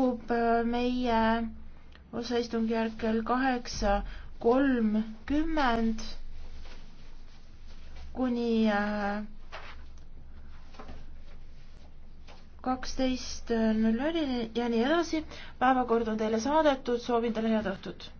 jätkub äh, meie osaistungjärk kell kaheksa kolmkümmend kuni äh, kaksteist null nullini ja nii edasi. päevakord on teile saadetud, soovin teile head õhtut!